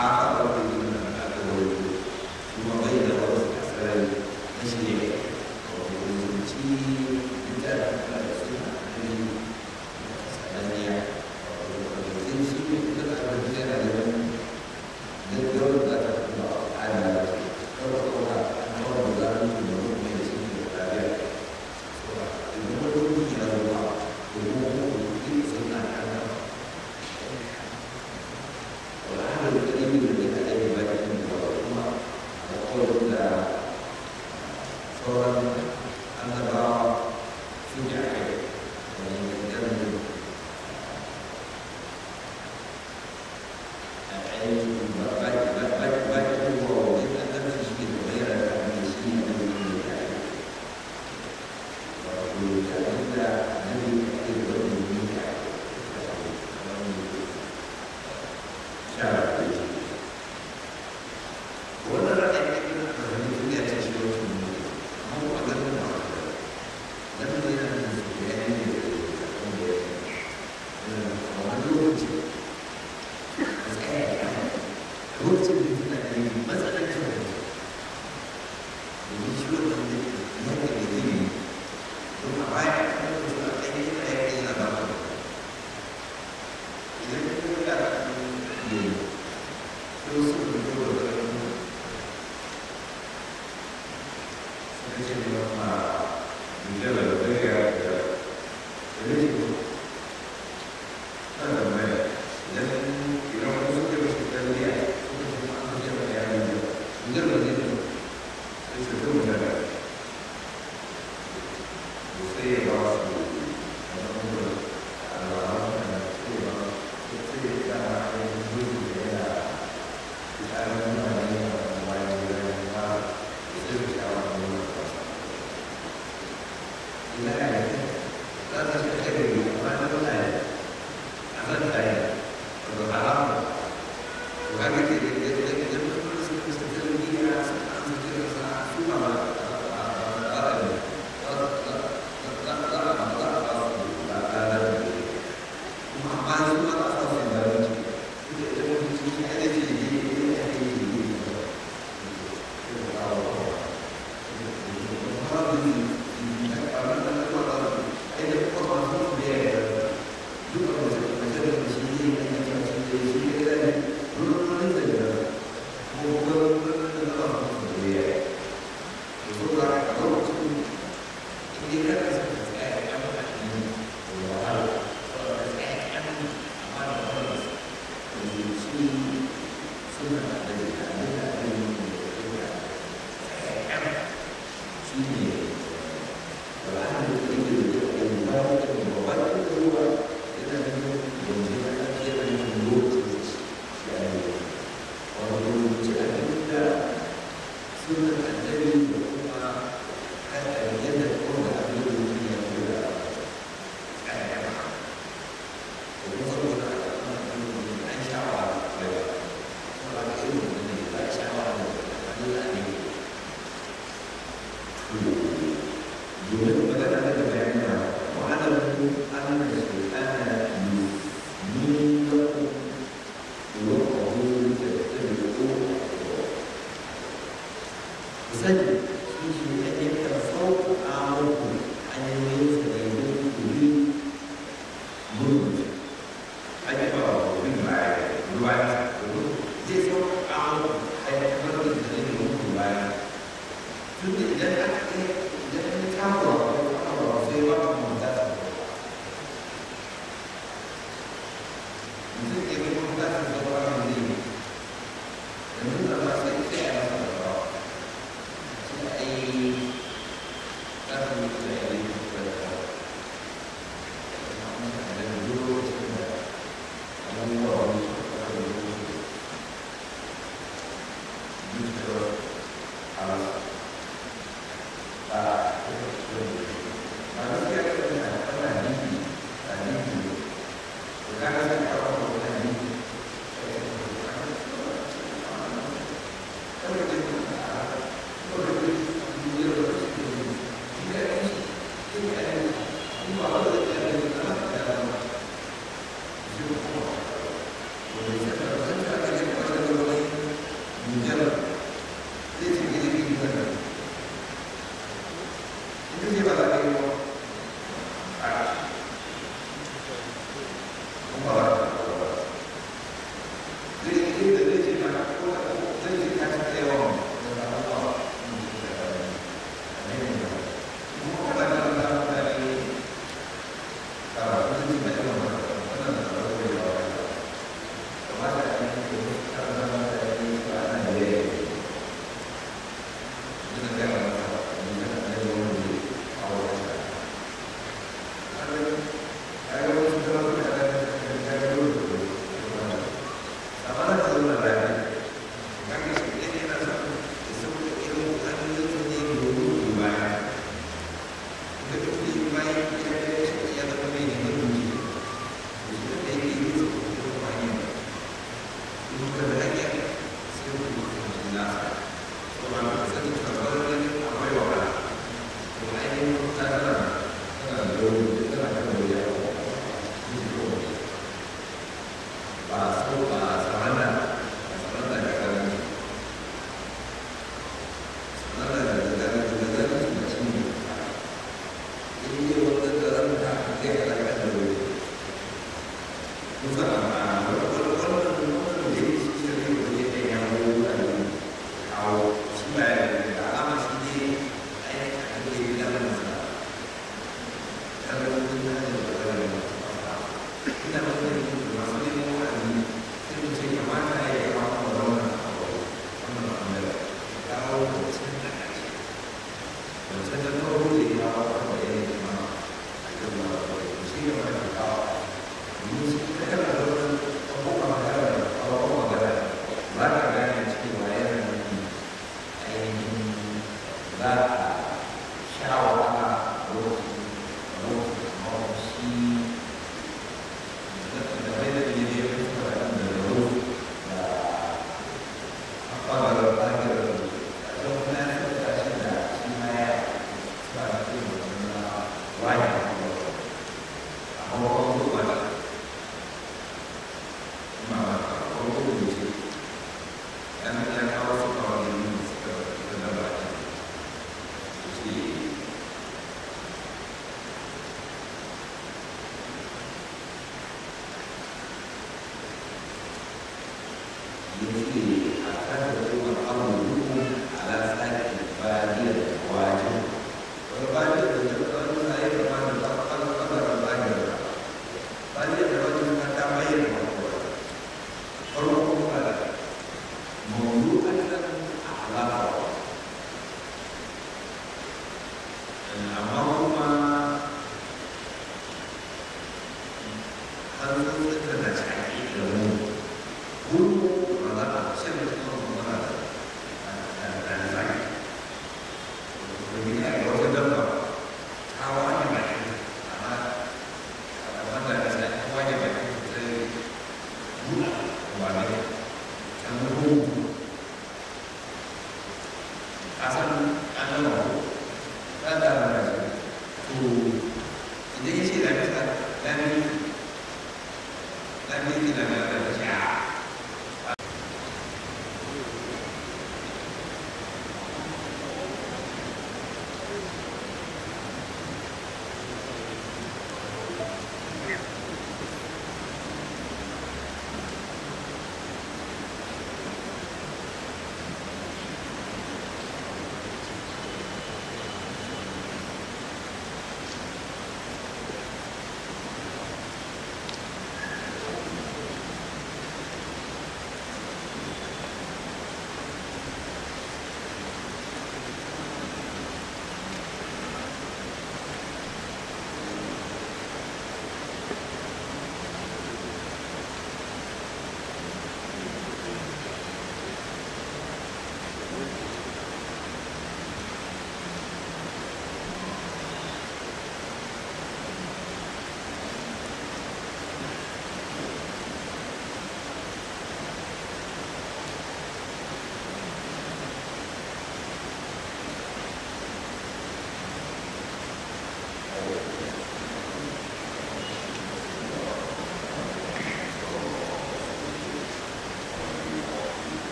a ah,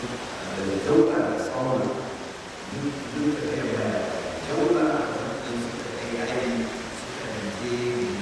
啊！周啦，我们你你明白？周啦，就是哎呀，你。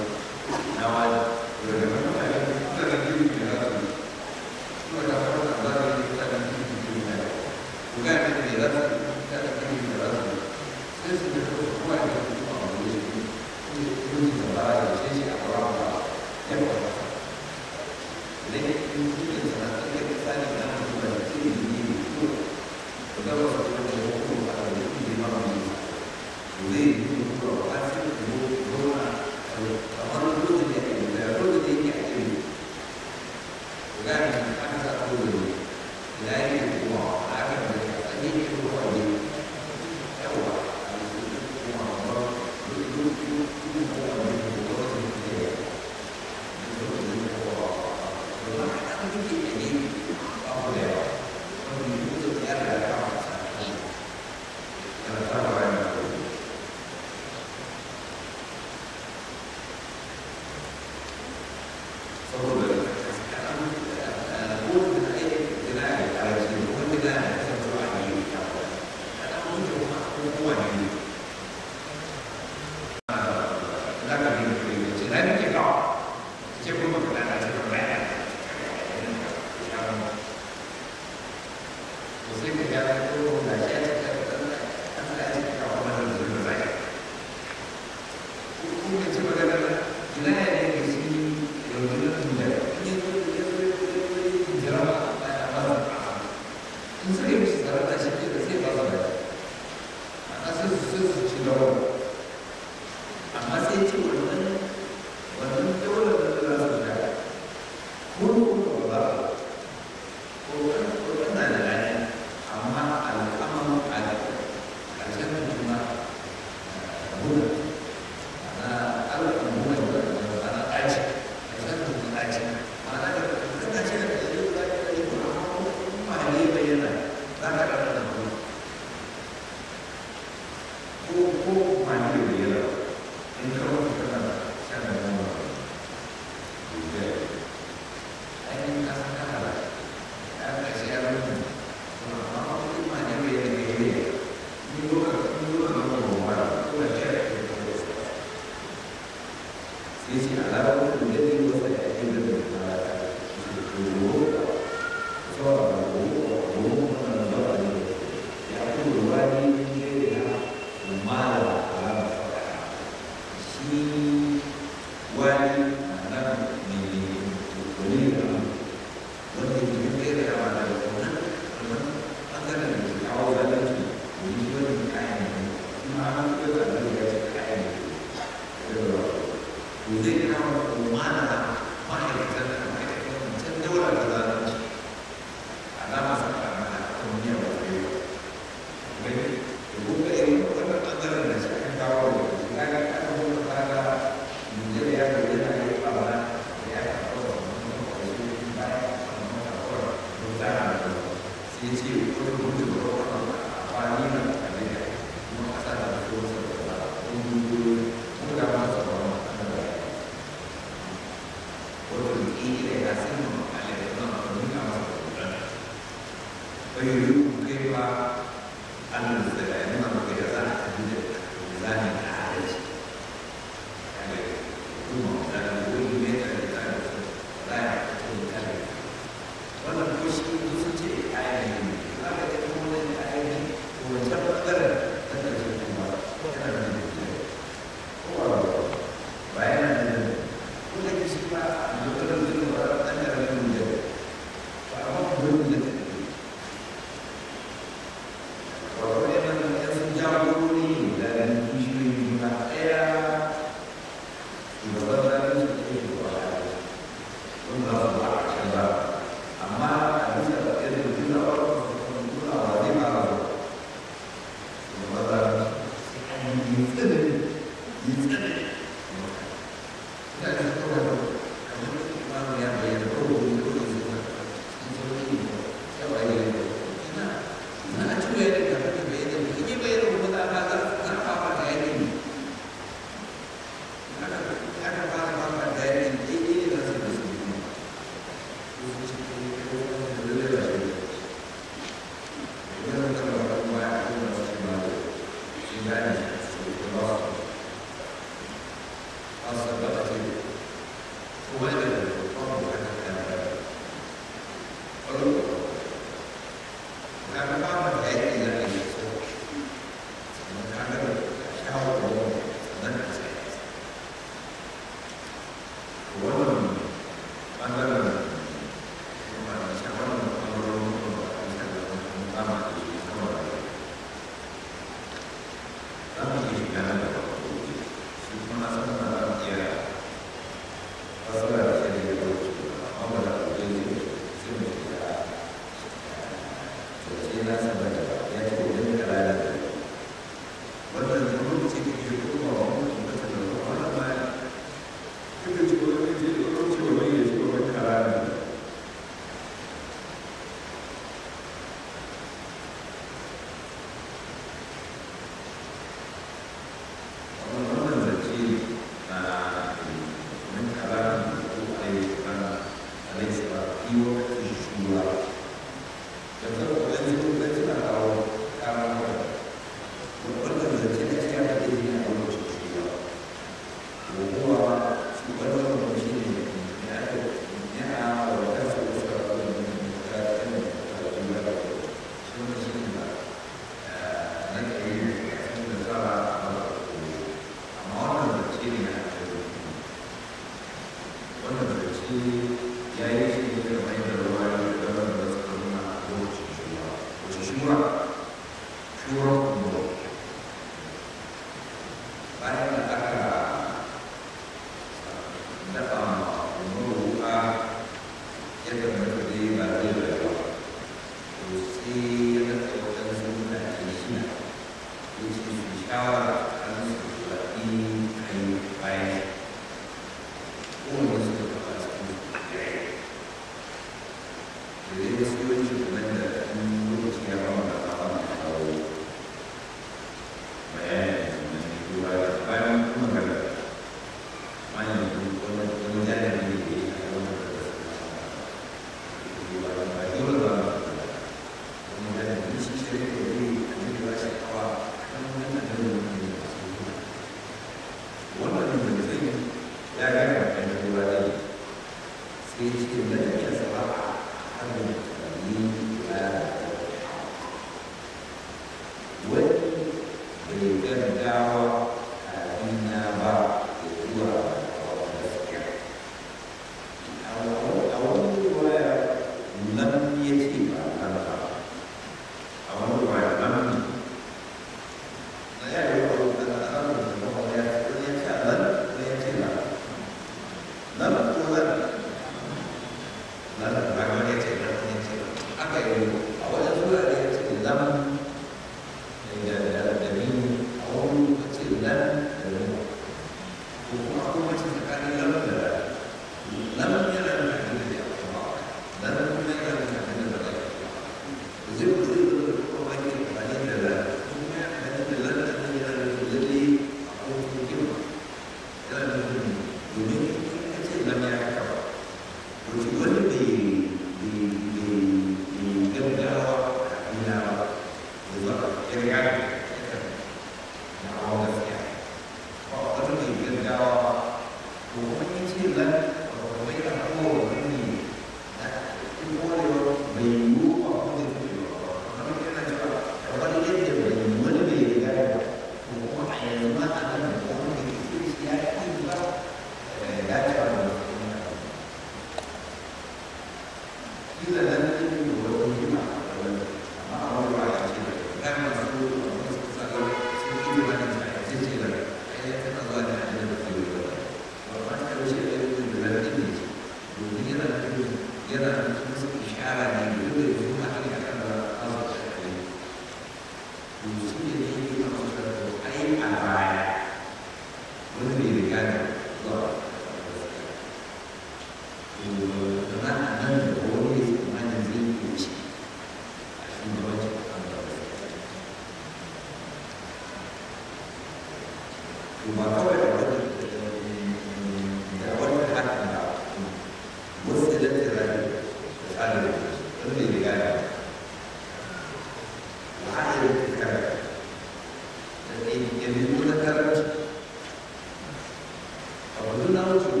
knowledge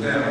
Now,